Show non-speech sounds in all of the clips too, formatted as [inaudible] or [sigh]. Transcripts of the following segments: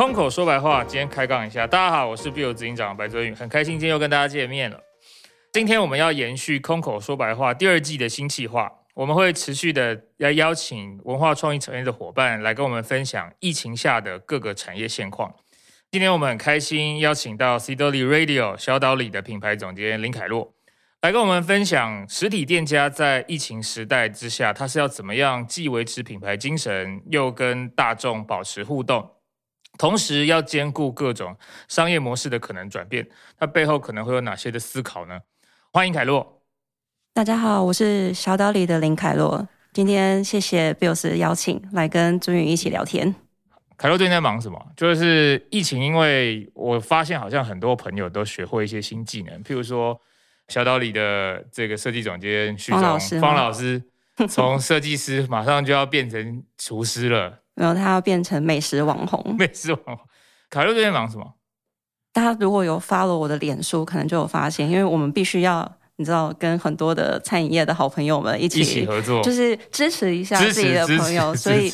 空口說白話，今天開槓一下。大家好，我是 BIOS 執行長白澤宇，很開心今天又跟大家見面了。今天我們要延續空口說白話第二季的新計劃，我們會持續的要邀請文化創意產業的夥伴來跟我們分享疫情下的各個產業現況。今天我們很開心邀請到 SIDOLI RADIO 小島裡的品牌總監林凱洛來跟我們分享實體店家在疫情時代之下，他是要怎麼樣既維持品牌精神，又跟大眾保持互動。同時要兼顧各種商業模式的可能轉變，它背後可能會有哪些的思考呢？歡迎凱洛。大家好，我是小島里的林凱洛。今天謝謝 BIOS 邀請來跟朱云一起聊天。凱洛最近在忙什麼？就是疫情，因為我發現好像很多朋友都學會一些新技能，譬如說小島里的這個設計總監序中方老師，從設計師馬上就要變成廚師了。 [laughs] 沒有，然後他要變成美食網紅。美食網紅，凱洛最近忙什麼？大家如果有 follow 我的臉書，可能就有發現，因為我們必須要，你知道，跟很多的餐飲業的好朋友們一起，一起合作，就是支持一下自己的朋友，所以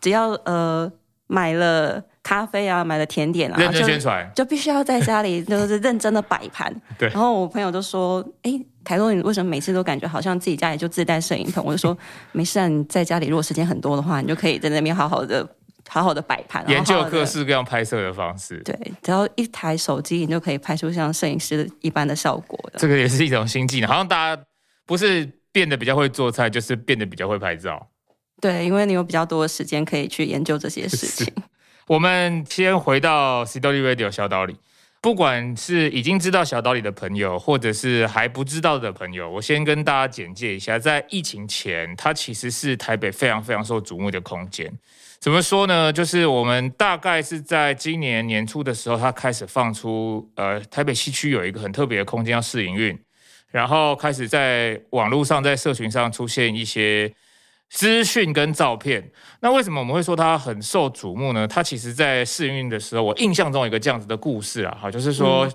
只要呃買了，咖啡啊，買的甜點啊，就宣就必須要在家裡就是認真的擺盤。 [laughs] 對。然後我朋友就說：“哎、欸，凱洛，你為什麼每次都感覺好像自己家裡就自帶攝影棚？” [laughs] 我就說：“沒事、啊，你在家裡如果時間很多的話，你就可以在那邊好好的、好好的擺盤，好好的研究各式各樣拍攝的方式。對，只要一台手機，你就可以拍出像攝影師一般的效果的。這個也是一種新技能，好像大家不是變得比較會做菜，就是變得比較會拍照。對，因為你有比較多的時間可以去研究這些事情。”我們先回到 SIDOLI RADIO 小島裡。不管是已經知道小島裡的朋友，或者是還不知道的朋友，我先跟大家簡介一下。在疫情前，它其實是台北非常非常受矚目的空間。怎麼說呢？就是我們大概是在今年年初的時候，它開始放出，呃，台北西區有一個很特別的空間要試營運，然後開始在網絡上、在社群上出現一些。資訊跟照片。那為什麼我們會說它很受矚目呢？它其實，在試營運的時候，我印象中有一個這樣子的故事啊，哈，就是說，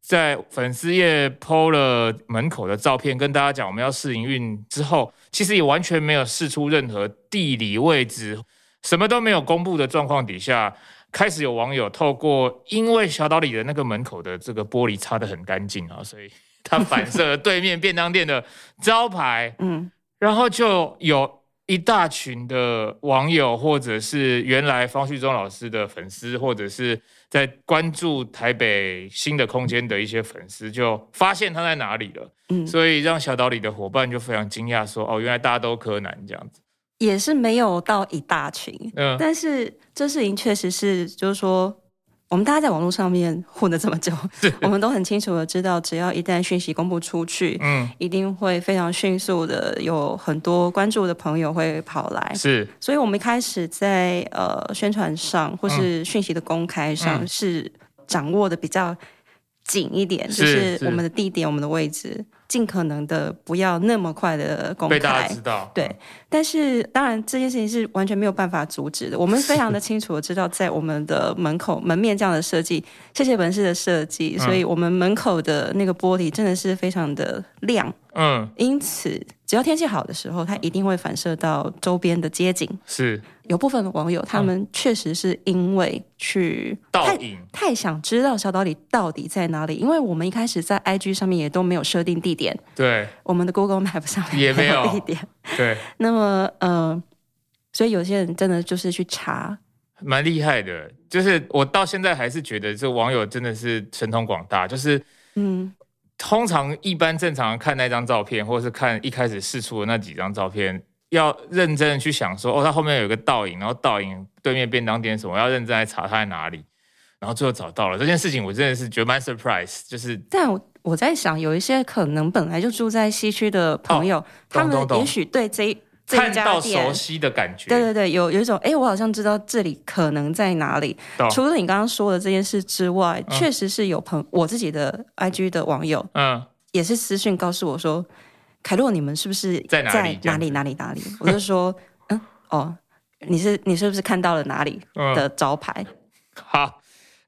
在粉絲頁 PO 了門口的照片，跟大家講我們要試營運之後，其實也完全沒有釋出任何地理位置，什麼都沒有公布的狀況底下，開始有網友透過，因為小島裡的那個門口的這個玻璃擦得很乾淨啊，所以它反射了對面便當店的招牌，嗯， [laughs] 然後就有。一大群的網友，或者是原來方序中老師的粉絲，或者是在關注台北新的空間的一些粉絲，就發現他在哪裡了。嗯，所以讓小島里的夥伴就非常驚訝，說：“哦，原來大家都柯南這樣子。”也是沒有到一大群，嗯，但是這事情確實是，就是說。我們大家在網絡上面混了這麼久，是我們都很清楚的知道，只要一旦訊息公布出去，嗯，一定會非常迅速的有很多關注的朋友會跑來，是。所以，我們一開始在呃宣傳上或是訊息的公開上，是掌握的比較緊一點，嗯，就是我們的地點、我們的位置。盡可能的不要那麼快的公開，對。嗯、但是當然，這件事情是完全沒有辦法阻止的。我們非常的清楚的知道在我們的門口是門面這樣的設計，謝謝本師的設計，嗯、所以我們門口的那個玻璃真的是非常的亮。嗯，因此只要天氣好的時候，它一定會反射到周邊的街景。是。有部分的網友，他們確實是因為去，底、嗯、太，太想知道小島里到底在哪裡，因為我們一開始在 IG 上面也都沒有設定地點，對，我們的 Google Maps 上也沒有地點，對。那麼，呃，所以有些人真的就是去查，蠻厲害的。就是我到現在還是覺得這網友真的是神通廣大，就是，嗯，通常一般正常看那張照片，或是看一開始釋出的那幾張照片。要認真的去想說，說哦，他後面有個倒影，然後倒影對面便當店什麼，我要認真來查他在哪裡，然後最後找到了這件事情，我真的是覺得蠻 surprise，就是。但我我在想，有一些可能本來就住在西區的朋友，哦，動動動，他們也許對這一這一家店看到熟悉的感覺，對對對，有有一種哎，欸，我好像知道這裡可能在哪裡。動除了你剛剛說的這件事之外，確、嗯、實是有朋我自己的 IG 的網友，嗯，也是私訊告訴我說。凱洛，你們是不是在哪裡在哪裡哪裡哪裡？我就說， [laughs] 嗯，哦，你是你是不是看到了哪裡的招牌？嗯、好，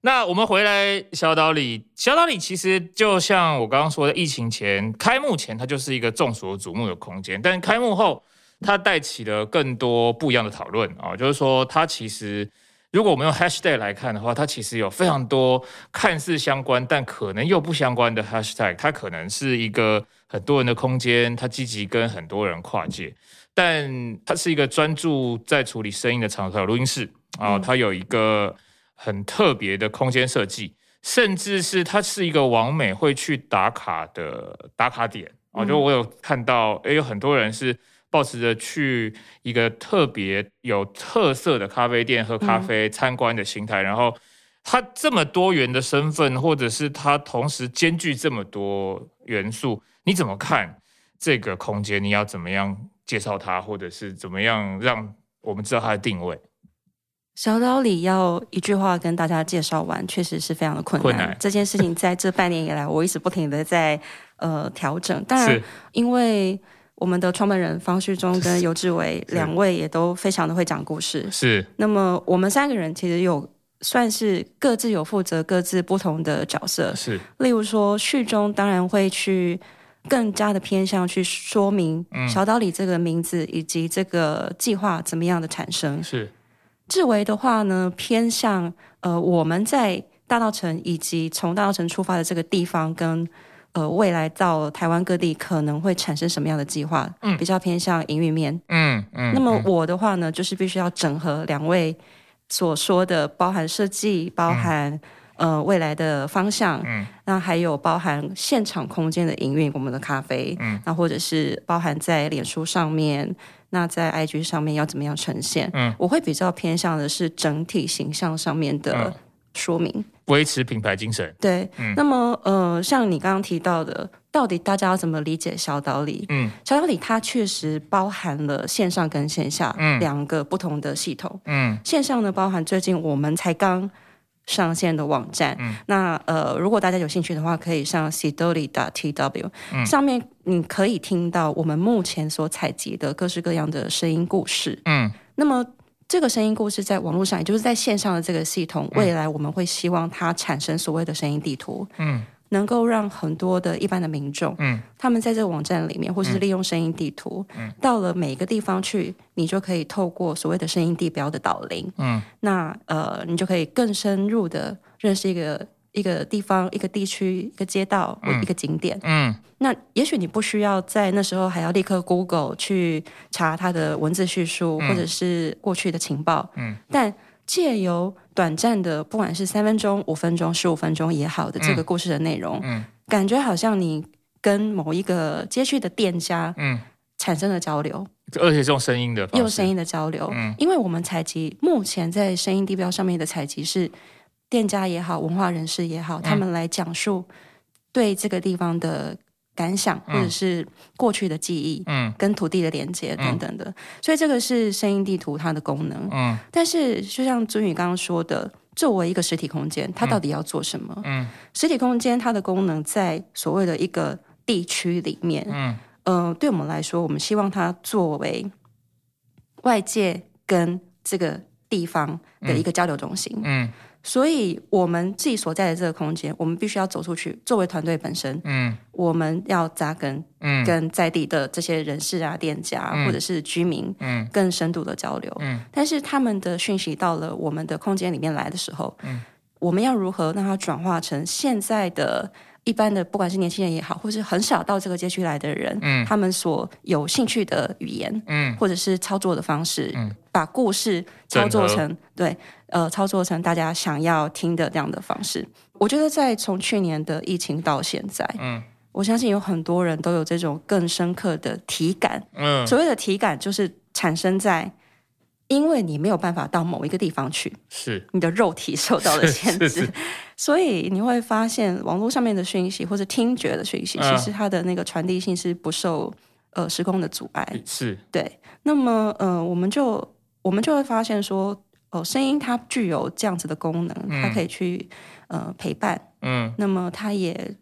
那我們回來小島裡，小島裡其實就像我剛剛說的，疫情前開幕前，它就是一個眾所矚目的空間，但開幕後，它帶起了更多不一樣的討論啊，就是說它其實。如果我們用 hashtag 來看的話，它其實有非常多看似相關但可能又不相關的 hashtag。它可能是一個很多人的空間，它積極跟很多人跨界，但它是一個專注在處理聲音的場合，有錄音室啊、哦，它有一個很特別的空間設計，甚至是它是一個網美會去打卡的打卡點啊、哦。就我有看到，哎，有很多人是。抱持着去一個特別有特色的咖啡店喝咖啡、參觀的心態，嗯、然後他這麼多元的身份，或者是他同時兼具這麼多元素，你怎麼看這個空間？你要怎麼樣介紹它，或者是怎麼樣讓我們知道它的定位？小島裡要一句話跟大家介紹完，確實是非常的困難。困難這件事情在這半年以來， [laughs] 我一直不停的在呃調整，但是因為。我們的創辦人方旭中跟游智維兩位也都非常的會講故事。是，是那麼我們三個人其實有算是各自有負責各自不同的角色。是，例如說序中當然會去更加的偏向去說明小島裡這個名字以及這個計劃怎麼樣的產生。是，智維的話呢，偏向呃我們在大稻埕以及從大稻埕出發的這個地方跟。呃，未來到台灣各地可能會產生什麼樣的計劃？嗯，比較偏向營運面。嗯嗯。嗯，那麼我的話呢，嗯、就是必須要整合兩位所說的，包含設計，包含、嗯、呃未來的方向。嗯。那還有包含現場空間的營運，我們的咖啡。嗯。那或者是包含在臉書上面，那在 IG 上面要怎麼樣呈現？嗯。我會比較偏向的是整體形象上面的說明。嗯維持品牌精神，對。嗯、那麼，呃，像你剛剛提到的，到底大家要怎麼理解小島裡？嗯，小島裡它確實包含了線上跟線下兩個不同的系統。嗯，線上呢，包含最近我們才剛上線的網站。嗯、那呃，如果大家有興趣的話，可以上 sidoli.tw，嗯、上面你可以聽到我們目前所採集的各式各樣的聲音故事。嗯，那麼。這個聲音故事在網絡上，也就是在線上的這個系統，未來我們會希望它產生所謂的聲音地圖，嗯，能夠讓很多的一般的民眾，嗯，他們在這個網站裡面，或是利用聲音地圖，嗯，到了每一個地方去，你就可以透過所謂的聲音地標的導聆，嗯，那呃，你就可以更深入的認識一個。一個地方、一個地區、一個街道一個景點，嗯，嗯那也許你不需要在那時候還要立刻 Google 去查它的文字敘述、嗯、或者是過去的情報，嗯，但借由短暫的，不管是三分鐘、五分鐘、十五分鐘也好的這個故事的內容，嗯，嗯感覺好像你跟某一個街區的店家，嗯，產生了交流，而且這種聲音的，用聲音的交流，嗯，因為我們採集目前在聲音地標上面的採集是。店家也好，文化人士也好，他們來講述對這個地方的感想，嗯、或者是過去的記憶，嗯，跟土地的連接等等的，嗯嗯、所以這個是聲音地圖它的功能，嗯。但是就像尊宇剛剛說的，作為一個實體空間，它到底要做什麼？嗯，嗯實體空間它的功能在所謂的一個地區裡面，嗯，呃，對我們來說，我們希望它作為外界跟這個地方的一個交流中心，嗯。嗯所以，我們自己所在的這個空間，我們必須要走出去。作為團隊本身，嗯，我們要扎根，嗯，跟在地的這些人士啊、店家，嗯，或者是居民，嗯，更深度的交流。嗯，但是他們的訊息到了我們的空間裡面來的時候，嗯，我們要如何讓它轉化成現在的一般的，不管是年輕人也好，或是很少到這個街區來的人，嗯，他們所有興趣的語言，嗯，或者是操作的方式，嗯。把故事操作成合對，呃，操作成大家想要聽的這樣的方式。我覺得在從去年的疫情到現在，嗯，我相信有很多人都有這種更深刻的體感。嗯，所謂的體感就是產生在，因為你沒有辦法到某一個地方去，是你的肉體受到了限制，是是是，所以你會發現網絡上面的訊息或者聽覺的訊息，嗯，其實它的那個傳遞性是不受呃時空的阻礙。是，對。那麼，呃，我們就。我們就會發現說，哦，聲音它具有這樣子的功能，它可以去、嗯、呃陪伴，嗯，那麼它也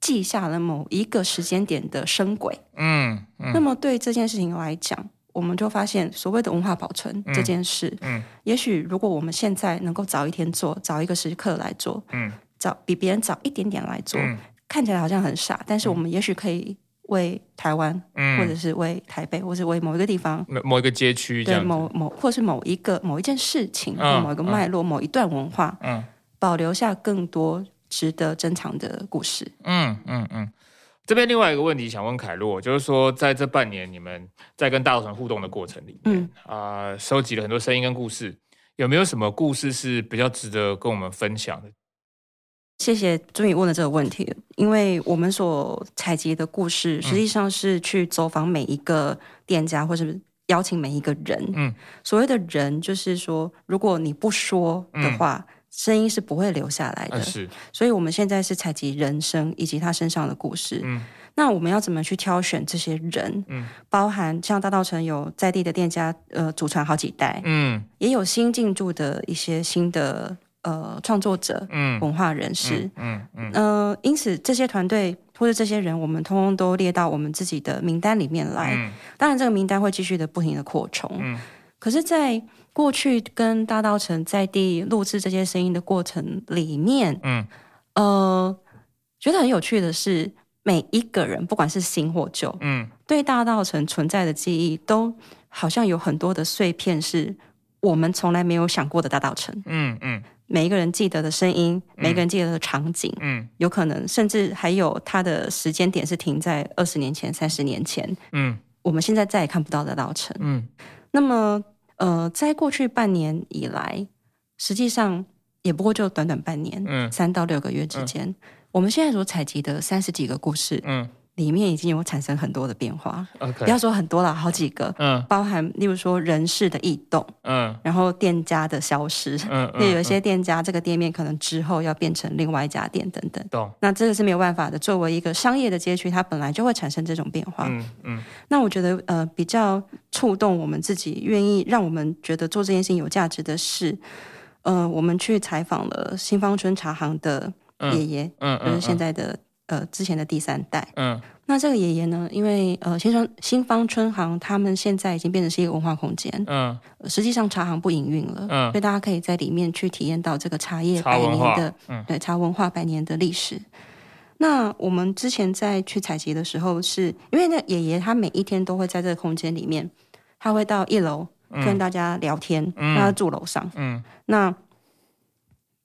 記下了某一個時間點的聲軌，嗯，嗯，那麼對這件事情來講，我們就發現所謂的文化保存這件事，嗯，嗯，也許如果我們現在能夠早一天做，早一個時刻來做，嗯，早比別人早一點點來做，嗯、看起來好像很傻，但是我們也許可以。為台灣，嗯、或者是為台北，或是為某一個地方、某一個街區的某某，或是某一個、某一件事情，嗯、或某一個脈絡、嗯、某一段文化，嗯，保留下更多值得珍藏的故事。嗯嗯嗯。這邊另外一個問題想問凱洛，就是說在這半年你們在跟大陸屯互動的過程裡面，啊、嗯，收、呃、集了很多聲音跟故事，有沒有什麼故事是比較值得跟我們分享的？謝謝終於問了這個問題，因為我們所採集的故事實際上是去走訪每一個店家，嗯、或是邀請每一個人。嗯、所謂的人，就是說，如果你不說的話，嗯、聲音是不會留下來的。啊、是，所以我們現在是採集人聲以及他身上的故事。嗯、那我們要怎麼去挑選這些人？嗯、包含像大稻埕有在地的店家，呃，祖傳好幾代。嗯，也有新進駐的一些新的。呃，創作者，嗯、文化人士，嗯嗯，嗯、呃、因此這些團隊或者這些人，我們通通都列到我們自己的名單裡面來。嗯、當然這個名單會繼續的不停的擴充。嗯、可是，在過去跟大稻埕在地錄製這些聲音的過程裡面，嗯，呃，覺得很有趣的是，每一個人，不管是新或舊，嗯、對大稻埕存在的記憶，都好像有很多的碎片，是我們從來沒有想過的大稻埕。嗯。嗯嗯。每一個人記得的聲音，每一個人記得的場景，嗯，嗯有可能甚至還有他的時間點是停在二十年前、三十年前，年前嗯，我們現在再也看不到的老城。嗯，那麼呃，在過去半年以來，實際上也不過就短短半年，嗯，三到六個月之間，嗯嗯、我們現在所採集的三十幾個故事，嗯。裡面已經有產生很多的變化，不要 Okay, 說很多了，好幾個，嗯，包含例如說人事的異動，嗯，然後店家的消失，嗯那、嗯、有一些店家這個店面可能之後要變成另外一家店等等，懂那這個是沒有辦法的，作為一個商業的街區，它本來就會產生這種變化，嗯嗯。嗯那我覺得呃比較觸動我們自己，願意讓我們覺得做這件事情有價值的事，呃，我們去採訪了新芳春茶行的爺爺、嗯，嗯，就、嗯、是現在的。呃，之前的第三代，嗯，那這個爺爺呢，因為呃，新莊新芳春行他們現在已經變成是一個文化空間，嗯，實際上茶行不營運了，嗯，所以大家可以在裡面去體驗到這個茶葉百年的，茶嗯、對茶文化百年的歷史。那我們之前在去採集的時候是，是因為那爺爺他每一天都會在這個空間裡面，他會到一樓跟大家聊天，嗯、他住樓上嗯，嗯，那。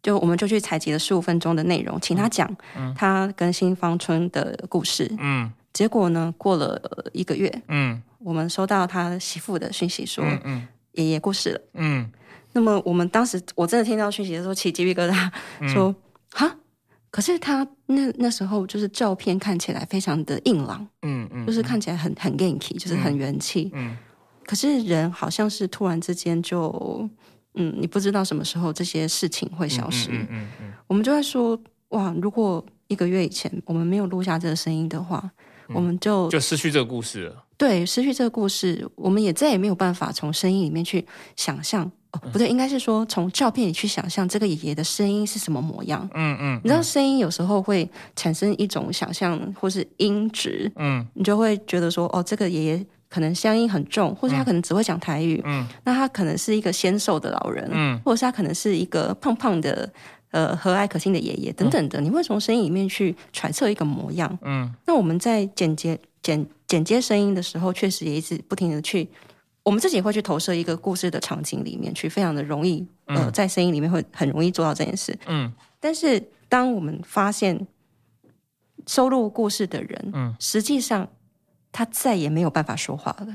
就我們就去採集了十五分鐘的內容，請他講他跟新芳春的故事。嗯嗯、結果呢，過了一個月，嗯、我們收到他媳婦的訊息說，嗯，嗯爺爺過世了。嗯、那麼我們當時我真的聽到訊息的時候起雞皮疙瘩說，說、嗯、可是他那，那時候就是照片看起來非常的硬朗，嗯嗯、就是看起來很很 ganky，就是很元氣，嗯、可是人好像是突然之間就。嗯，你不知道什麼時候這些事情會消失。嗯嗯，嗯，嗯我們就會說，哇，如果一個月以前我們沒有錄下這個聲音的話，嗯、我們就就失去這個故事了。對，失去這個故事，我們也再也沒有辦法從聲音裡面去想象。嗯、哦，不對，應該是說從照片裡去想象這個爺爺的聲音是什麼模樣。嗯嗯，嗯嗯你知道聲音有時候會產生一種想象或是音質。嗯，你就會覺得說哦，這個爺爺。可能鄉音很重，或者他可能只會講台語。嗯，那他可能是一個纖瘦的老人，嗯，或者是他可能是一個胖胖的、呃和藹可親的爺爺等等的。嗯、你會從聲音裡面去揣測一個模樣，嗯。那我們在剪接、剪剪接聲音的時候，確實也一直不停的去，我們自己會去投射一個故事的場景裡面去，非常的容易，呃，在聲音裡面會很容易做到這件事，嗯。但是當我們發現收錄故事的人，嗯，實際上。他再也沒有辦法說話了，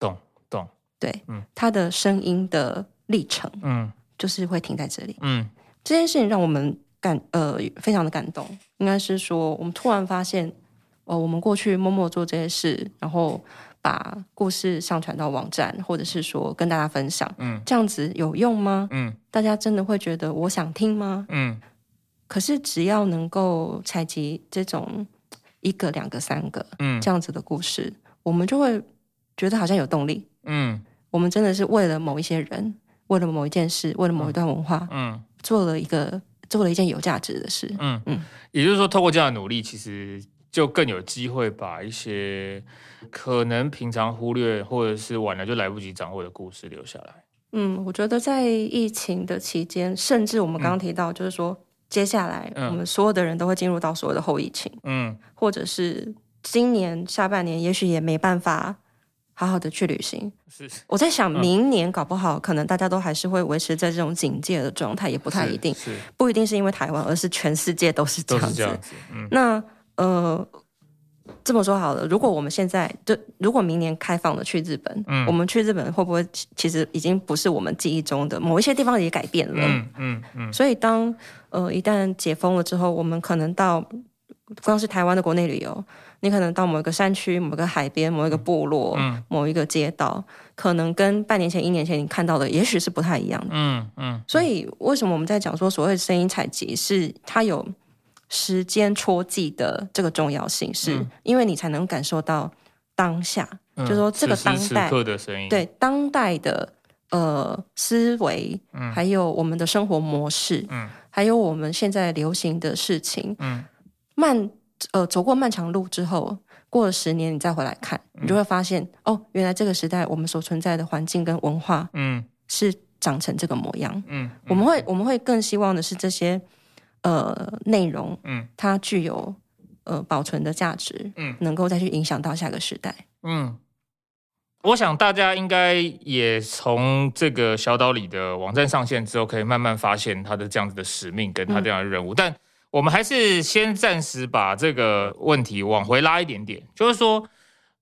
懂懂對，嗯，他的聲音的歷程，嗯，就是會停在這裡，嗯，嗯，這件事情讓我們感呃非常的感動，應該是說我們突然發現，呃，我們過去默默做這些事，然後把故事上傳到網站，或者是說跟大家分享，嗯，這樣子有用嗎？嗯，大家真的會覺得我想聽嗎？嗯，可是只要能夠採集這種。一個、兩個、三個，嗯，這樣子的故事，嗯、我們就會覺得好像有動力，嗯，我們真的是為了某一些人，為了某一件事，為了某一段文化，嗯，嗯做了一個做了一件有價值的事，嗯嗯，嗯也就是說，透過這樣的努力，其實就更有機會把一些可能平常忽略，或者是晚了就來不及掌握的故事留下來。嗯，我覺得在疫情的期間，甚至我們剛剛提到，就是說。嗯接下來，我們所有的人都會進入到所有的後疫情，嗯，或者是今年下半年，也許也沒辦法好好的去旅行。是，我在想，明年搞不好，可能大家都還是會維持在這種警戒的狀態，也不太一定，不一定是因為台灣，而是全世界都是這樣子。樣，嗯，那，呃。這麼說好了，如果我們現在就，如果明年開放了去日本，嗯、我們去日本會不會其實已經不是我們記憶中的？某一些地方也改變了，嗯嗯嗯、所以當呃一旦解封了之後，我們可能到光是台灣的國內旅遊，你可能到某一個山區、某個海邊、某一個部落、嗯嗯、某一個街道，可能跟半年前、一年前你看到的也許是不太一樣的，嗯、嗯、所以為什麼我們在講說所謂的聲音採集是它有？時間戳記的這個重要性，是因為你才能感受到當下，嗯、就是說這個當代此時此刻的聲音，對當代的呃思維，嗯、還有我們的生活模式，嗯、還有我們現在流行的事情，嗯、慢呃走過漫長路之後，過了十年，你再回來看，你就會發現、嗯、哦，原來這個時代我們所存在的環境跟文化，嗯，是長成這個模樣，嗯，嗯我們會我們會更希望的是這些。呃，內容，嗯，它具有呃保存的價值，嗯，能夠再去影響到下個時代，嗯，我想大家應該也從這個小島裡的網站上線之後，可以慢慢發現它的這樣子的使命，跟它這樣的任務。嗯、但我們還是先暫時把這個問題往回拉一點點，就是說，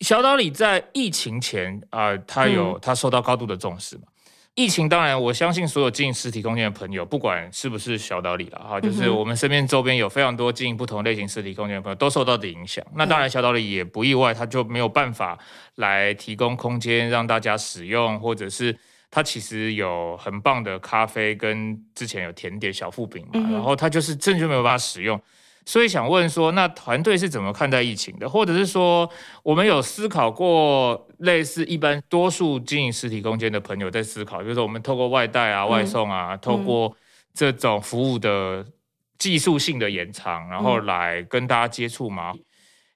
小島裡在疫情前啊，它、呃、有它、嗯、受到高度的重視嘛？疫情當然，我相信所有經營實體空間的朋友，不管是不是小島裡了哈，就是我們身邊周邊有非常多經營不同類型實體空間的朋友，都受到的影響。那當然，小島裡也不意外，他就沒有辦法來提供空間讓大家使用，或者是他其實有很棒的咖啡跟之前有甜點小副餅嘛，然後他就是真的就沒有辦法使用。所以想問說，那團隊是怎麼看待疫情的？或者是說，我們有思考過類似一般多數經營實體空間的朋友在思考，就是我們透過外帶啊、嗯，外送啊，透過這種服務的技術性的延長，嗯，然後來跟大家接觸嗎？嗯，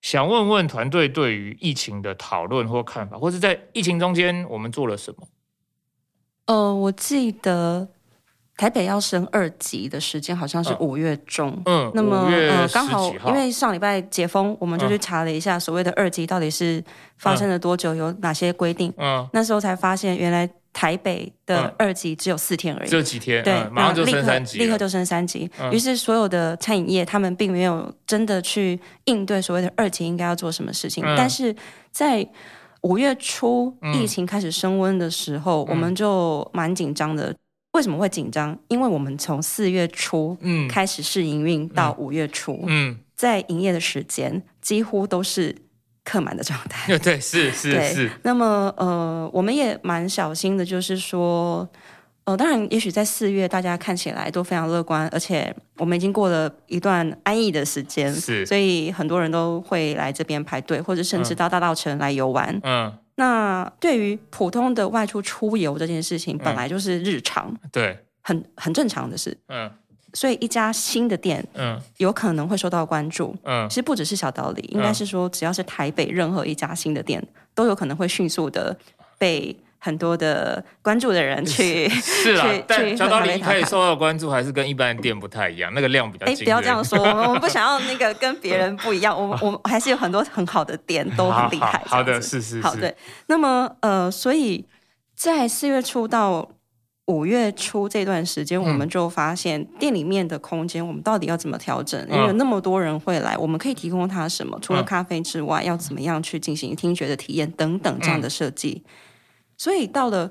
想問問團隊對於疫情的討論或看法，或是在疫情中間我們做了什麼？呃，我記得。台北要升二級的時間好像是五月中，嗯，那麼呃，剛好因為上禮拜解封，我們就去查了一下所謂的二級到底是發生了多久，有哪些規定。嗯，那時候才發現原來台北的二級只有四天而已，只有幾天，對，馬上就升三級，立刻，立刻就升三級。於是所有的餐飲業他們並沒有真的去應對所謂的二級應該要做什麼事情，但是在五月初疫情開始升溫的時候，我們就蠻緊張的。為什麼會緊張？因為我們從四月初開始試營運到五月初，嗯嗯嗯、在營業的時間幾乎都是客滿的狀態。對，是是是。對是那麼，呃，我們也蠻小心的，就是說，呃，當然，也許在四月大家看起來都非常樂觀，而且我們已經過了一段安逸的時間，是，所以很多人都會來這邊排隊，或者甚至到大稻埕來遊玩。嗯。嗯那對於普通的外出出遊這件事情，本來就是日常，嗯、對，很很正常的事。嗯，所以一家新的店，嗯，有可能會受到關注。嗯，其實不只是小島裡，應該是說只要是台北任何一家新的店，都有可能會迅速的被。很多的關注的人去，是啊，但講道理，他也受到關注，還是跟一般的店不太一樣，那個量比較。哎，不要這樣說，我們不想要那個跟別人不一樣。我們我們還是有很多很好的店，都很厲害。好的，是是是好對。那麼呃，所以在四月初到五月初這段時間，我們就發現店裡面的空間，我們到底要怎麼調整？因為有那麼多人會來，我們可以提供他什麼？除了咖啡之外，要怎麼樣去進行聽覺的體驗等等這樣的設計。所以到了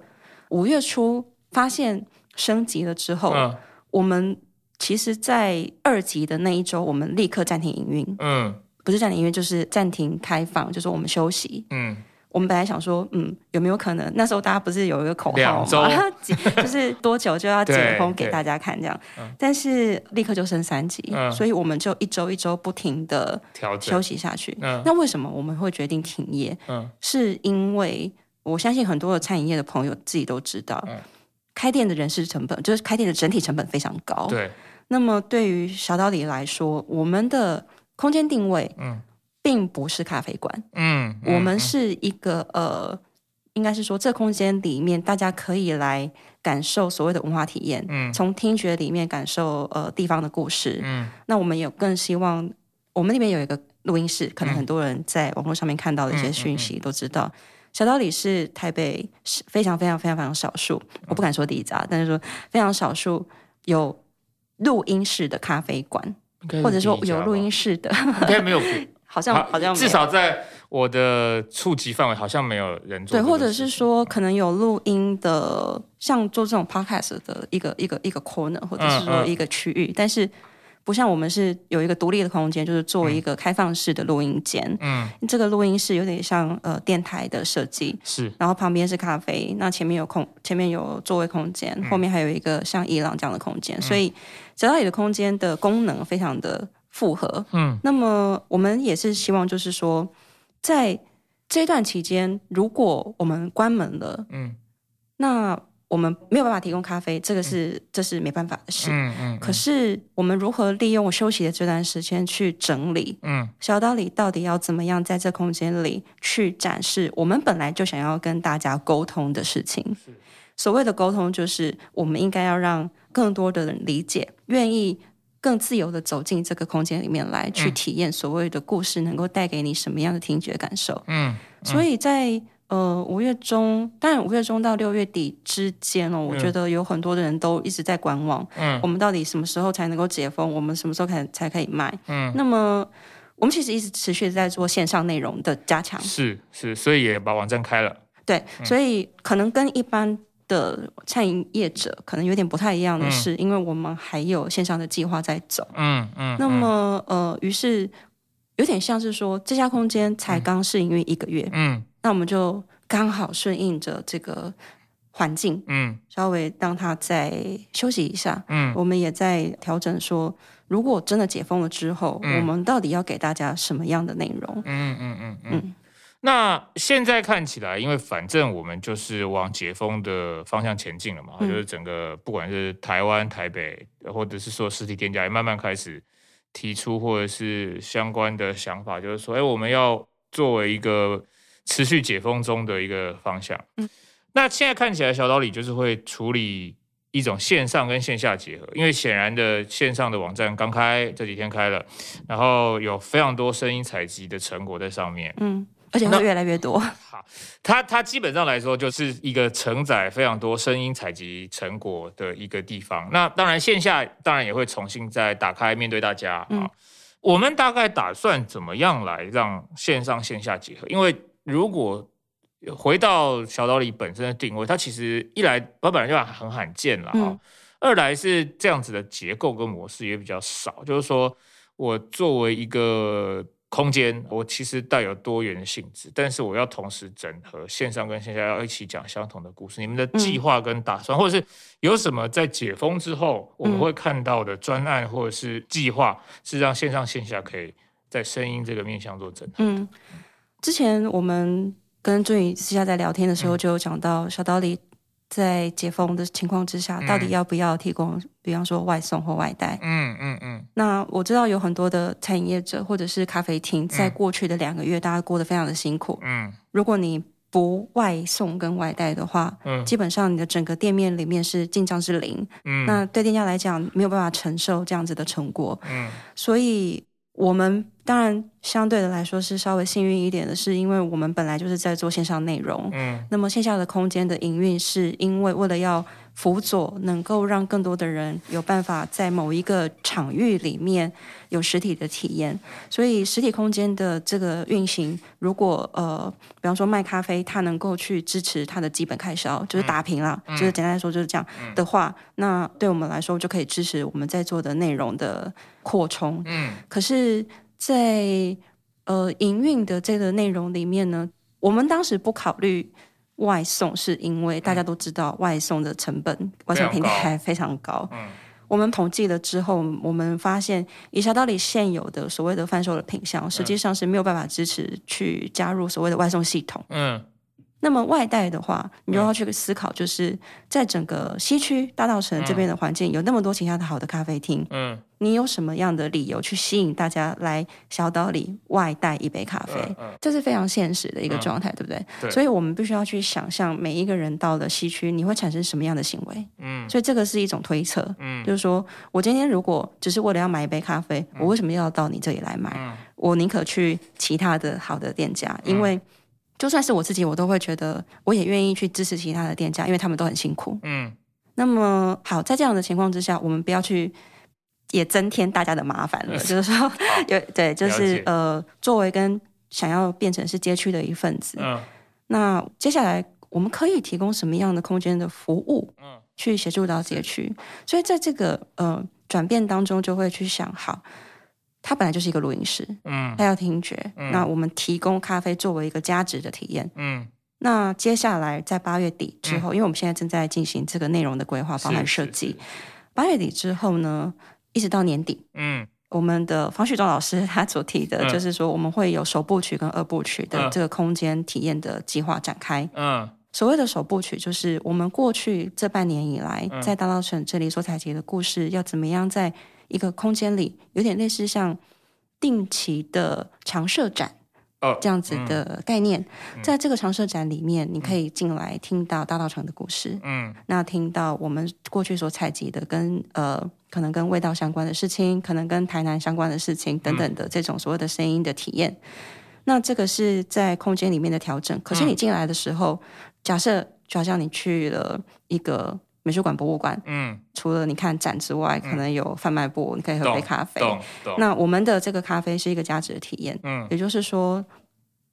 五月初，發現升級了之後，嗯、我們其實，在二級的那一周，我們立刻暫停營運。嗯，不是暫停營運，就是暫停開放，就是我們休息。嗯，我們本來想說，嗯，有沒有可能那時候大家不是有一個口號嗎？兩週。 [laughs] 就是多久就要解封給大家看這樣。但是立刻就升三級，嗯、所以我們就一周一周不停的休息下去。嗯、那為什麼我們會決定停業？嗯，是因為。我相信很多的餐飲業的朋友自己都知道，呃、開店的人事成本就是開店的整體成本非常高。對，那麼對於小島裡來說，我們的空間定位，並不是咖啡館。嗯、我們是一個、嗯、呃，應該是說，這空間裡面大家可以來感受所謂的文化體驗。嗯、從聽覺裡面感受呃地方的故事。嗯、那我們也更希望我們那邊有一個錄音室，可能很多人在網絡上面看到的一些訊息都知道。小島裡是台北是非常非常非常非常少數，我不敢說第一家，但是說非常少數有錄音室的咖啡館，或者說有錄音室的，應該 [laughs] 沒有，好像好像至少在我的觸及範圍，好像沒有人做對，或者是說可能有錄音的，像做這種 podcast 的一個一個一個 corner，或者是說一個區域，嗯嗯、但是。不像我們是有一個獨立的空間，就是作為一個開放式的錄音間。嗯，這個錄音室有點像呃電台的設計。是。然後旁邊是咖啡，那前面有空，前面有座位空間，嗯、後面還有一個像藝廊這樣的空間，嗯、所以小島裡的空間的功能非常的複合。嗯。那麼我們也是希望，就是說，在這段期間，如果我們關門了，嗯，那。我們沒有辦法提供咖啡，這個是、嗯、這是沒辦法的事。嗯嗯、可是我們如何利用休息的這段時間去整理？嗯，小島裡到底要怎麼樣在這空間裡去展示？我們本來就想要跟大家溝通的事情。是所謂的溝通，就是我們應該要讓更多的人理解，願意更自由的走進這個空間裡面來，嗯、去體驗所謂的故事能夠帶給你什麼樣的聽覺感受。嗯。所以在呃，五月中，當然五月中到六月底之間哦，嗯、我覺得有很多的人都一直在觀望。嗯，我們到底什麼時候才能夠解封？我們什麼時候才才可以賣？嗯，那麼我們其實一直持續在做線上內容的加強，是是，所以也把網站開了。對，嗯、所以可能跟一般的餐飲業者可能有點不太一樣的是，因為我們還有線上的計劃在走。嗯嗯，嗯那麼呃，於是有點像是說，這家空間才剛試營運一個月。嗯。嗯那我們就剛好順應着這個環境，嗯，稍微讓它再休息一下，嗯，我們也在調整說，說如果真的解封了之後，嗯、我們到底要給大家什麼樣的內容？嗯嗯嗯嗯。那現在看起來，因為反正我們就是往解封的方向前進了嘛，嗯、就是整個不管是台灣、台北，或者是說實體店家，也慢慢開始提出或者是相關的想法，就是說，哎、欸，我們要作為一個。持續解封中的一個方向，嗯，那現在看起來小島裡就是會處理一種線上跟線下結合，因為顯然的線上的網站剛開，這幾天開了，然後有非常多聲音採集的成果在上面，嗯，而且會越來越多。好，它它基本上來說就是一個承載非常多聲音採集成果的一個地方。那當然線下當然也會重新再打開面對大家啊。好，嗯，我們大概打算怎麼樣來讓線上線下結合？因為如果回到小島裡本身的定位，它其實一來它本來就很罕見了哈，二來是這樣子的結構跟模式也比較少。就是說我作為一個空間，我其實帶有多元的性質，但是我要同時整合線上跟線下，要一起講相同的故事。你們的計劃跟打算，或者是有什麼在解封之後我們會看到的專案或者是計劃，是讓線上線下可以在聲音這個面向做整合的？嗯之前我們跟朱宇私下在聊天的時候，就有講到小島裡在解封的情況之下，到底要不要提供，比方說外送或外帶。嗯嗯嗯。嗯嗯，那我知道有很多的餐飲業者或者是咖啡廳，在過去的兩個月，大家過得非常的辛苦。嗯。如果你不外送跟外帶的話，嗯，基本上你的整個店面裡面是進賬是零。嗯。那對店家來講，沒有辦法承受這樣子的成果。嗯。所以我們。當然，相對的來說是稍微幸運一點的，是因為我們本來就是在做線上內容。嗯，那麼線下的空間的營運，是因為為了要輔佐，能夠讓更多的人有辦法在某一個場域裡面有實體的體驗，所以實體空間的這個運行，如果呃，比方說賣咖啡，它能夠去支持它的基本開銷，就是打平了，就是簡單來說就是這樣的話，那對我們來說就可以支持我們在做的內容的擴充。嗯，可是。在呃，營運的這個內容裡面呢，我們當時不考慮外送，是因為大家都知道外送的成本，外送平台非常高。常高，嗯、我們統計了之後，我們發現以小島裡現有的所謂的販售的品項，實際上是沒有辦法支持去加入所謂的外送系統。嗯。嗯那麼外帶的話，你就要去思考，就是在整個西區大稻埕這邊的環境，有那麼多其他的好的咖啡廳，嗯，你有什麼樣的理由去吸引大家來小島裡外帶一杯咖啡？嗯嗯、這是非常現實的一個狀態，嗯、對不對？對，所以我們必須要去想象每一個人到了西區，你會產生什麼樣的行為？嗯，所以這個是一種推測，嗯，就是說我今天如果只是為了要買一杯咖啡，嗯、我為什麼要到你這裡來買？嗯、我寧可去其他的好的店家，嗯、因為。就算是我自己，我都會覺得我也願意去支持其他的店家，因為他們都很辛苦。嗯，那麼好，在這樣的情況之下，我們不要去也增添大家的麻煩了。嗯、就是說，好 [laughs] 對，就是了解呃，作為跟想要變成是街區的一份子，嗯，那接下來我們可以提供什麼樣的空間的服務，嗯，去協助到街區。嗯、所以在這個呃轉變當中，就會去想好。他本來就是一個錄音室，嗯，他要聽覺。嗯、那我們提供咖啡作為一個價值的體驗，嗯。那接下來在八月底之後，嗯、因為我們現在正在進行這個內容的規劃方案、嗯、設計，八是月底之後呢，一直到年底，嗯，我們的方序中老師他所提的就是說，我們會有首部曲跟二部曲的這個空間體驗的計劃展開。嗯，所謂的首部曲就是我們過去這半年以來在大稻埕這裡所採集的故事，要怎麼樣在。一個空間裡有點類似像定期的常設展這樣子的概念，oh, 嗯、在這個常設展裡面，你可以進來聽到大稻埕的故事，嗯，那聽到我們過去所採集的跟呃可能跟味道相關的事情，可能跟台南相關的事情等等的這種所謂的聲音的體驗。嗯、那這個是在空間裡面的調整，可是你進來的時候，嗯、假設就好像你去了一個。美術館、博物館，嗯，除了你看展之外，可能有販賣部，你可以喝杯咖啡。那我們的這個咖啡是一個價值的體驗，嗯，也就是說，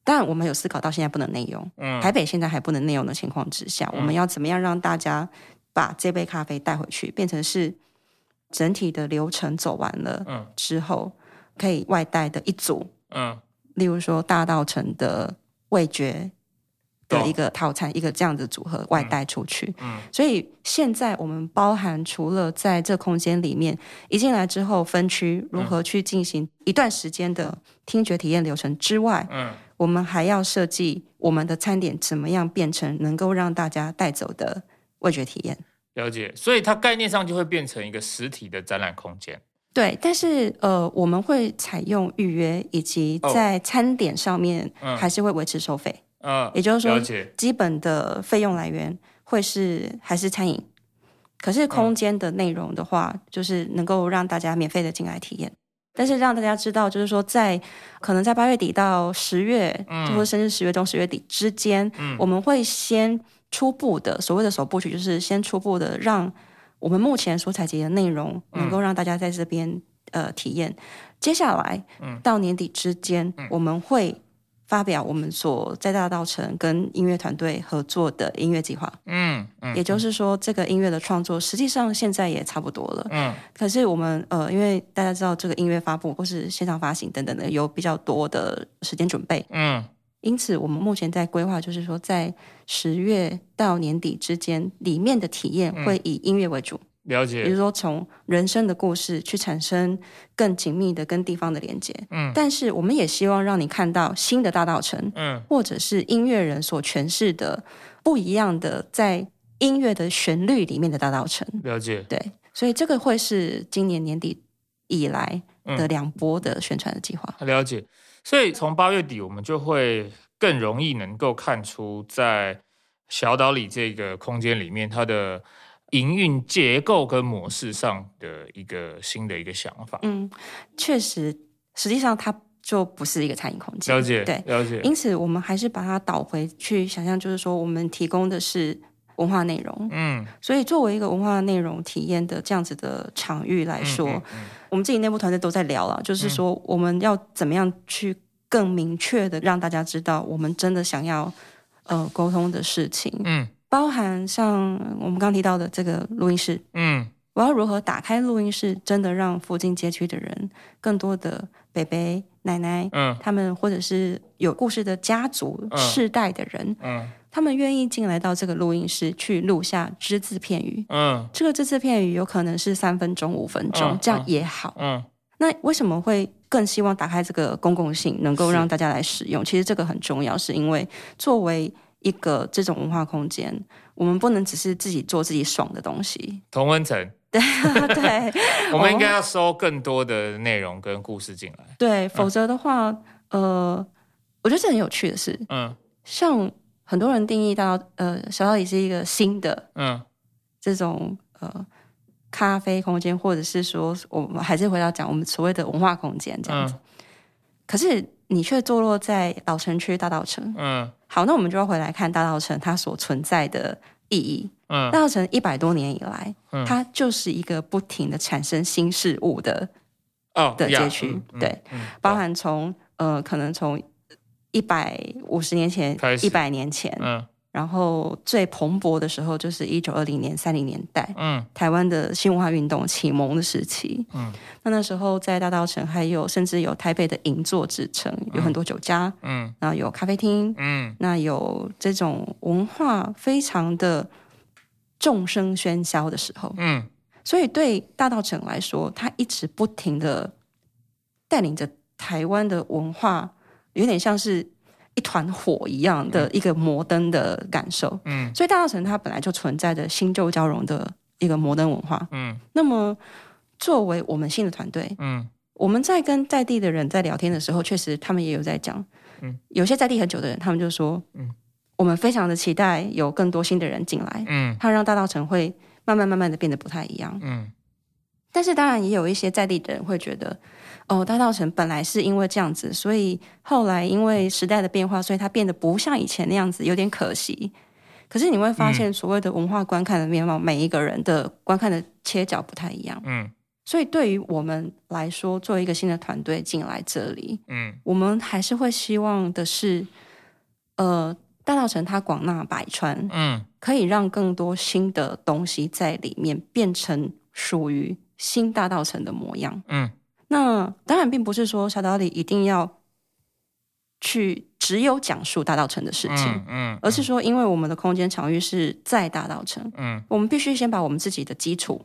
但我們有思考到現在不能內用，嗯，台北現在還不能內用的情況之下，嗯，我們要怎麼樣讓大家把這杯咖啡帶回去，變成是整體的流程走完了，嗯，之後可以外帶的一組，嗯，例如說大稻埕的味覺。的一個套餐，一個這樣的組合外帶出去。嗯，嗯，所以現在我們包含除了在這空間裡面一進來之後分區如何去進行一段時間的聽覺體驗流程之外，嗯，我們還要設計我們的餐點怎麼樣變成能夠讓大家帶走的味覺體驗。了解，所以它概念上就會變成一個實體的展覽空間。對，但是呃，我們會採用預約，以及在餐點上面還是會維持收費。哦，嗯。嗯，也就是說，基本的費用來源會是還是餐飲，可是空間的內容的話，嗯、就是能夠讓大家免費的進來體驗。但是讓大家知道，就是說，在可能在八月底到十月，嗯，或者甚至十月中、十月底之間，嗯，我們會先初步的所謂的首部曲，就是先初步的讓我們目前所採集的內容，能夠讓大家在這邊、嗯、呃體驗。接下來，嗯，到年底之間、嗯，嗯，我們會。發表我們所在大稻埕跟音樂團隊合作的音樂計劃，嗯，也就是說，這個音樂的創作實際上現在也差不多了，嗯。可是我們呃，因為大家知道，這個音樂發布或是線上發行等等的，有比較多的時間準備，嗯。因此，我們目前在規劃，就是說，在十月到年底之間，裡面的體驗會以音樂為主。了解，比如說從人生的故事去產生更緊密的跟地方的連接，嗯，但是我們也希望讓你看到新的大稻埕，嗯，或者是音樂人所詮釋的不一樣的在音樂的旋律裡面的大稻埕，了解，對，所以這個會是今年年底以來的兩波的宣傳的計劃，嗯，了解，所以從八月底我們就會更容易能夠看出在小島裡這個空間裡面它的。營運結構跟模式上的一個新的一個想法。嗯，確實，實際上它就不是一個餐飲空間。了解，對，了解。因此，我們還是把它導回去，想象就是說，我們提供的是文化內容。嗯，所以作為一個文化內容體驗的這樣子的場域來說，嗯嗯嗯、我們自己內部團隊都在聊了，就是說我們要怎麼樣去更明確的讓大家知道我們真的想要呃溝通的事情。嗯。包含像我們剛提到的這個錄音室，嗯，我要如何打開錄音室，真的讓附近街區的人，更多的伯伯奶奶，嗯，他們或者是有故事的家族世代的人，嗯，嗯他們願意進來到這個錄音室去錄下隻字片語，嗯，這個隻字片語有可能是三分鐘、五分鐘，嗯、這樣也好，嗯，嗯那為什麼會更希望打開這個公共性，能夠讓大家來使用？是其實這個很重要，是因為作為，一個這種文化空間，我們不能只是自己做自己爽的東西。同溫層，對 [laughs] 對， [laughs] 我們應該要收更多的內容跟故事進來，哦。對，否則的話，嗯、呃，我覺得這很有趣的是，嗯，像很多人定義到，呃，小島裡是一個新的，嗯，這種呃咖啡空間，或者是說，我們還是回到講我們所謂的文化空間這樣子。嗯，可是你卻坐落在老城區大稻埕，嗯。好，那我們就要回來看大稻埕它所存在的意義。嗯，大稻埕一百多年以來，它、嗯、就是一個不停的產生新事物的、哦、的街區，嗯、對，嗯嗯嗯、包含從、嗯、呃，可能從一百五十年前、喜一百年前。嗯然後最蓬勃的時候就是一九二零年三零年代，嗯，臺灣的新文化運動啟蒙的時期，嗯，那那時候在大稻埕，還有甚至有台北的銀座之稱，有很多酒家，嗯，然後有咖啡廳，嗯，那有這種文化非常的眾聲喧囂的時候，嗯，所以對大稻埕來說，它一直不停的帶領着臺灣的文化，有點像是。一團火一樣的一個摩登的感受，嗯，嗯，所以大稻埕它本來就存在着新舊交融的一個摩登文化，嗯，那麼作為我們新的團隊，嗯，我們在跟在地的人在聊天的時候，確實他們也有在講，嗯，有些在地很久的人，他們就說，嗯，我們非常的期待有更多新的人進來，嗯，他讓大稻埕會慢慢慢慢的變得不太一樣，嗯，但是當然也有一些在地的人會覺得。哦，大稻埕本來是因為這樣子，所以後來因為時代的變化，所以它變得不像以前那樣子，有點可惜。可是你會發現，所謂的文化觀看的面貌，嗯、每一個人的觀看的切角不太一樣。嗯，所以對於我們來說，作為一個新的團隊進來這裡，嗯，我們還是會希望的是，呃，大稻埕它廣納百川，嗯，可以讓更多新的東西在裡面變成屬於新大稻埕的模樣，嗯。那當然並不是說小島裡一定要去只有講述大稻埕的事情，嗯嗯嗯、而是說因為我們的空間場域是在大稻埕，嗯、我們必須先把我們自己的基礎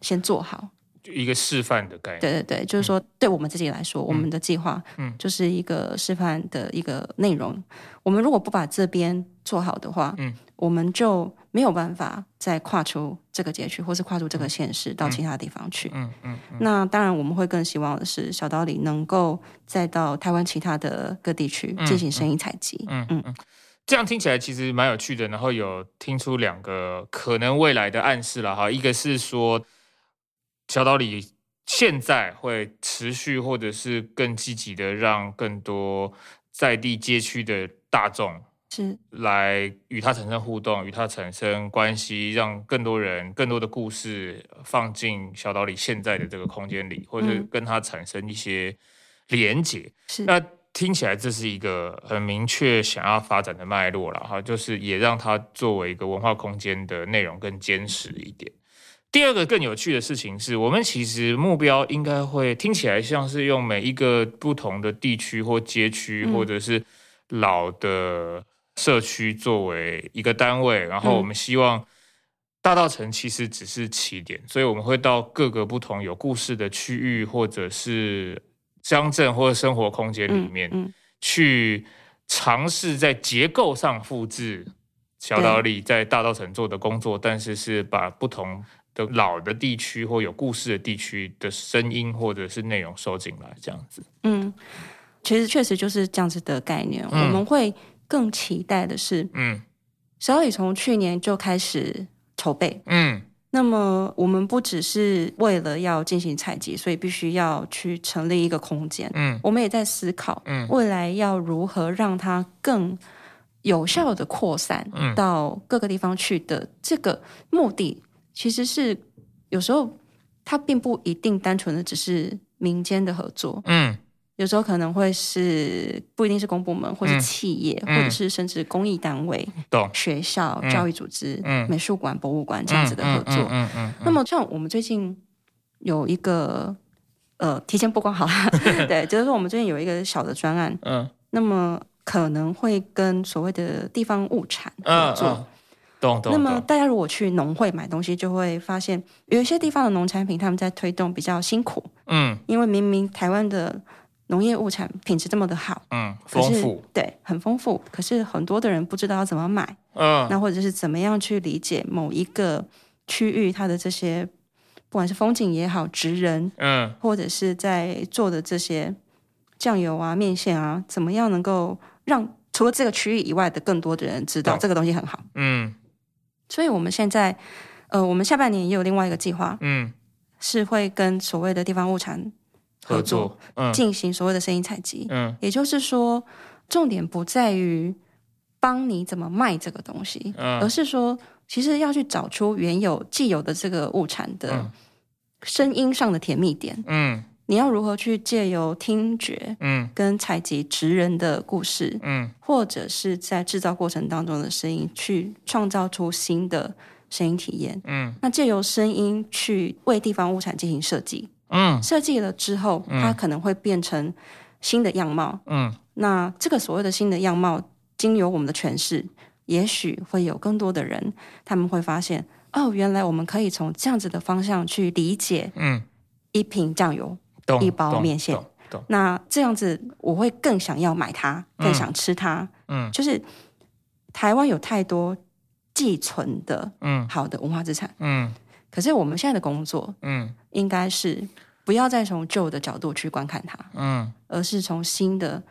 先做好，一個示範的概念，對對對，就是說，對我們自己來說，嗯、我們的計劃，就是一個示範的一個內容。嗯嗯、我們如果不把這邊做好的話，嗯我們就沒有辦法再跨出這個街區，或是跨出這個縣市到其他地方去。嗯嗯，嗯嗯嗯，那當然我們會更希望的是小島裡能夠再到台灣其他的各地區進行聲音採集。嗯嗯嗯，嗯嗯嗯嗯這樣聽起來其實蠻有趣的，然後有聽出兩個可能未來的暗示了哈。一個是說小島裡現在會持續或者是更積極的讓更多在地街區的大眾。來與他產生互動，與他產生關係，讓更多人、更多的故事放進小島里現在的這個空間裡，或者跟他產生一些連接、嗯。是，那聽起來這是一個很明確想要發展的脈絡了哈，就是也讓它作為一個文化空間的內容更堅實一點。嗯、第二個更有趣的事情是，我們其實目標應該會聽起來像是用每一個不同的地區或街區，或者是老的、嗯。社區作為一個單位，然後我們希望大稻埕其實只是起點，嗯、所以我們會到各個不同有故事的區域，或者是鄉鎮或者生活空間裡面，去嘗試在結構上複製小島裡在大稻埕做的工作，對但是是把不同的老的地區或有故事的地區的聲音或者是內容收進來，這樣子。嗯，其實確實就是這樣子的概念，嗯、我們會。更期待的是，嗯，小島裡從去年就開始籌備，嗯，那麼我們不只是為了要進行採集，所以必須要去成立一個空間，嗯，我們也在思考，嗯，未來要如何讓它更有效的擴散到各個地方去的。嗯，這個目的其實是有時候它並不一定單純的只是民間的合作，嗯。有時候可能會是不一定是公部門，或是企業，或者是甚至公益單位、學校、教育組織、美術館、博物館這樣子的合作。那麼像我們最近有一個呃提前曝光好了，對，就是說我們最近有一個小的專案。嗯。那麼可能會跟所謂的地方物產合作。那麼大家如果去農會買東西，就會發現有一些地方的農產品，他們在推動比較辛苦。嗯。因為明明台灣的。農業物產品質這麼的好，嗯，豐富，對，很豐富。可是很多的人不知道要怎麼買，嗯，那或者是怎麼樣去理解某一個區域它的這些，不管是風景也好，職人，嗯，或者是在做的這些醬油啊、麵線啊，怎麼樣能夠讓除了這個區域以外的更多的人知道這個東西很好，嗯。所以我們現在，呃，我們下半年也有另外一個計劃，嗯，是會跟所謂的地方物產。合作進行所謂的聲音採集，嗯，嗯，也就是說，重點不在於幫你怎麼賣這個東西，嗯，而是說，其實要去找出原有既有的這個物產的聲音上的甜蜜點，嗯，你要如何去借由聽覺，嗯，跟採集職人的故事，嗯，嗯，或者是在制造過程當中的聲音，去創造出新的聲音體驗，嗯，那借由聲音去為地方物產進行設計。嗯，設計了之後，嗯，它可能會變成新的樣貌，嗯，那這個所謂的新的樣貌，經由我們的詮釋，也許會有更多的人，他們會發現，哦，原來我們可以從這樣子的方向去理解，嗯，一瓶醬油，嗯，一包麵線，那這樣子，我會更想要買它，更想吃它，嗯，就是台灣有太多既存的，嗯，好的文化資產，嗯。嗯可是我們現在的工作，嗯，應該是不要再從舊的角度去觀看它，嗯，而是從新的，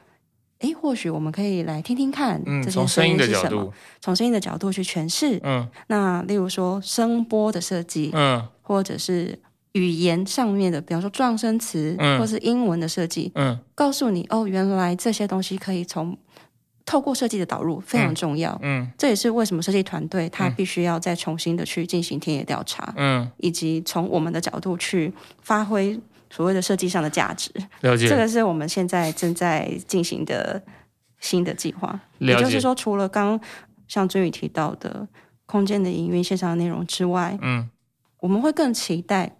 哎，或許我們可以來聽聽看這些聲音是什麼，嗯，從聲音的角度，從聲音的角度去詮釋，嗯，那例如說聲波的設計，嗯，或者是語言上面的，比方說狀聲詞，嗯，或是英文的設計，嗯，告訴你哦，原來這些東西可以從。透過設計的導入非常重要，嗯，嗯，這也是為什麼設計團隊他必須要再重新的去進行田野調查，嗯，以及從我們的角度去發揮所謂的設計上的價值。了解，這個是我們現在正在進行的新的計劃。了解。也就是說，除了剛剛像尊宇提到的空間的營運線上的內容之外，嗯，我們會更期待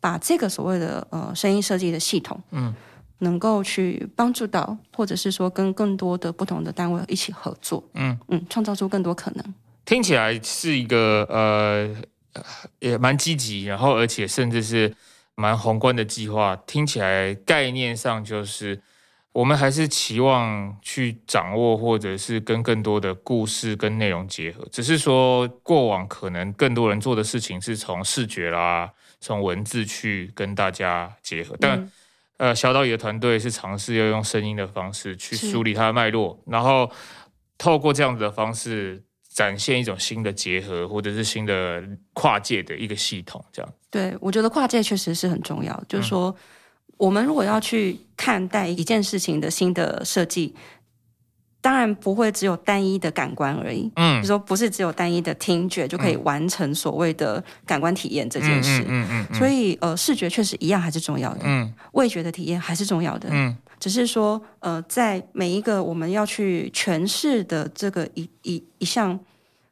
把這個所謂的呃聲音設計的系統，嗯。能夠去幫助到，或者是說跟更多的不同的單位一起合作，嗯嗯，創造出更多可能。聽起來是一個呃也蠻積極，然後而且甚至是蠻宏觀的計劃。聽起來概念上就是我們還是期望去掌握，或者是跟更多的故事跟內容結合。只是說過往可能更多人做的事情是從視覺啦，從文字去跟大家結合，嗯、但。呃，小島裡團隊是嘗試要用聲音的方式去梳理它的脈絡，是然後透過這樣子的方式展現一種新的結合，或者是新的跨界的一個系統，這樣。對，我覺得跨界確實是很重要。就是說，嗯、我們如果要去看待一件事情的新的設計。當然不會只有單一的感官而已。嗯，就說不是只有單一的聽覺就可以完成所謂的感官體驗這件事。嗯嗯,嗯,嗯所以呃，視覺確實一樣還是重要的。嗯，味覺的體驗還是重要的。嗯，只是說呃，在每一個我們要去詮釋的這個一一一項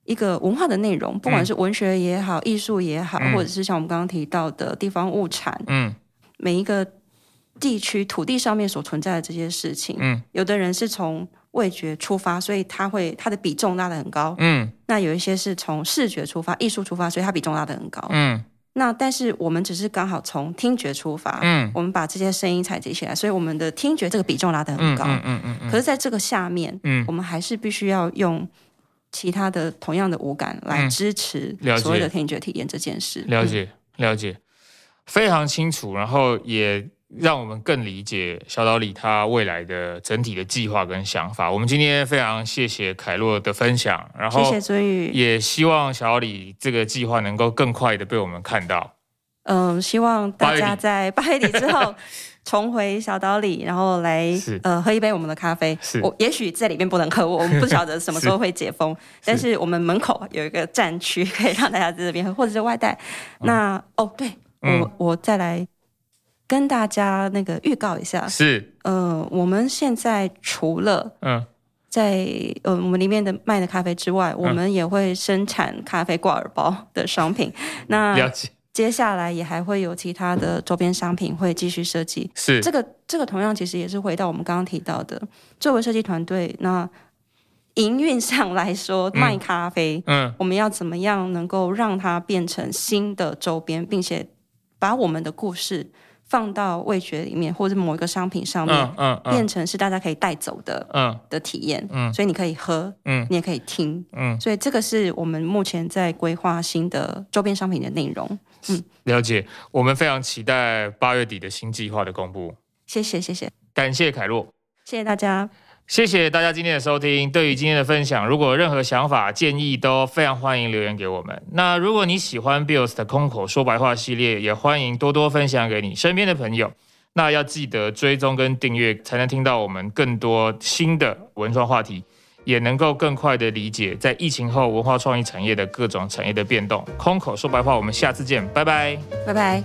一個文化的內容，不管是文學也好、藝術也好，嗯、或者是像我們剛剛提到的地方物產。嗯，每一個地區土地上面所存在的這些事情。嗯，有的人是從。味覺出發，所以它會它的比重拉得很高。嗯，那有一些是從視覺出發、藝術出發，所以它比重拉得很高。嗯，那但是我們只是剛好從聽覺出發，嗯，我們把這些聲音採集起來，所以我們的聽覺這個比重拉得很高。嗯嗯嗯。嗯嗯嗯嗯可是在這個下面，嗯，我們還是必須要用其他的同樣的五感來支持所謂的聽覺體驗這件事。了解，了解，非常清楚。然後也。讓我們更理解小島裡他未來的整體的計劃跟想法。我們今天非常謝謝凱洛的分享，然後謝謝尊宇，也希望小島裡這個計劃能夠更快的被我們看到。嗯，希望大家在八月底之後重回小島裡，然後來是呃喝一杯我們的咖啡。是我也許在裡邊不能喝，我們不曉得什麼時候會解封， [laughs] 是但是我們門口有一個站區可以讓大家在這邊喝，或者是外帶。嗯、那哦，對我、嗯、我再來。跟大家那個預告一下，是，呃，我們現在除了在嗯，在呃我們裡面的賣的咖啡之外，嗯、我們也會生產咖啡掛耳包的商品。了解。那接下來也還會有其他的周邊商品會繼續設計。是，這個這個同樣其實也是回到我們剛剛提到的，作為設計團隊，那營運上來說賣咖啡，嗯，嗯我們要怎麼樣能夠讓它變成新的周邊，並且把我們的故事。放到味覺裡面，或者某一個商品上面，嗯嗯嗯、變成是大家可以帶走的、嗯、的體驗。嗯、所以你可以喝，嗯、你也可以聽。嗯、所以這個是我們目前在規劃新的周邊商品的內容。嗯、了解，我們非常期待八月底的新計劃的公布。謝謝，謝謝，感謝凱洛，謝謝大家。謝謝大家今天的收聽。對於今天的分享，如果有任何想法、建議，都非常歡迎留言給我們。那如果你喜歡 BIOS 的空口說白話系列，也歡迎多多分享給你身邊的朋友。那要記得追蹤跟訂閱，才能聽到我們更多新的文創話題，也能夠更快的理解在疫情後文化創意產業的各種產業的變動。空口說白話，我們下次見，拜拜，拜拜。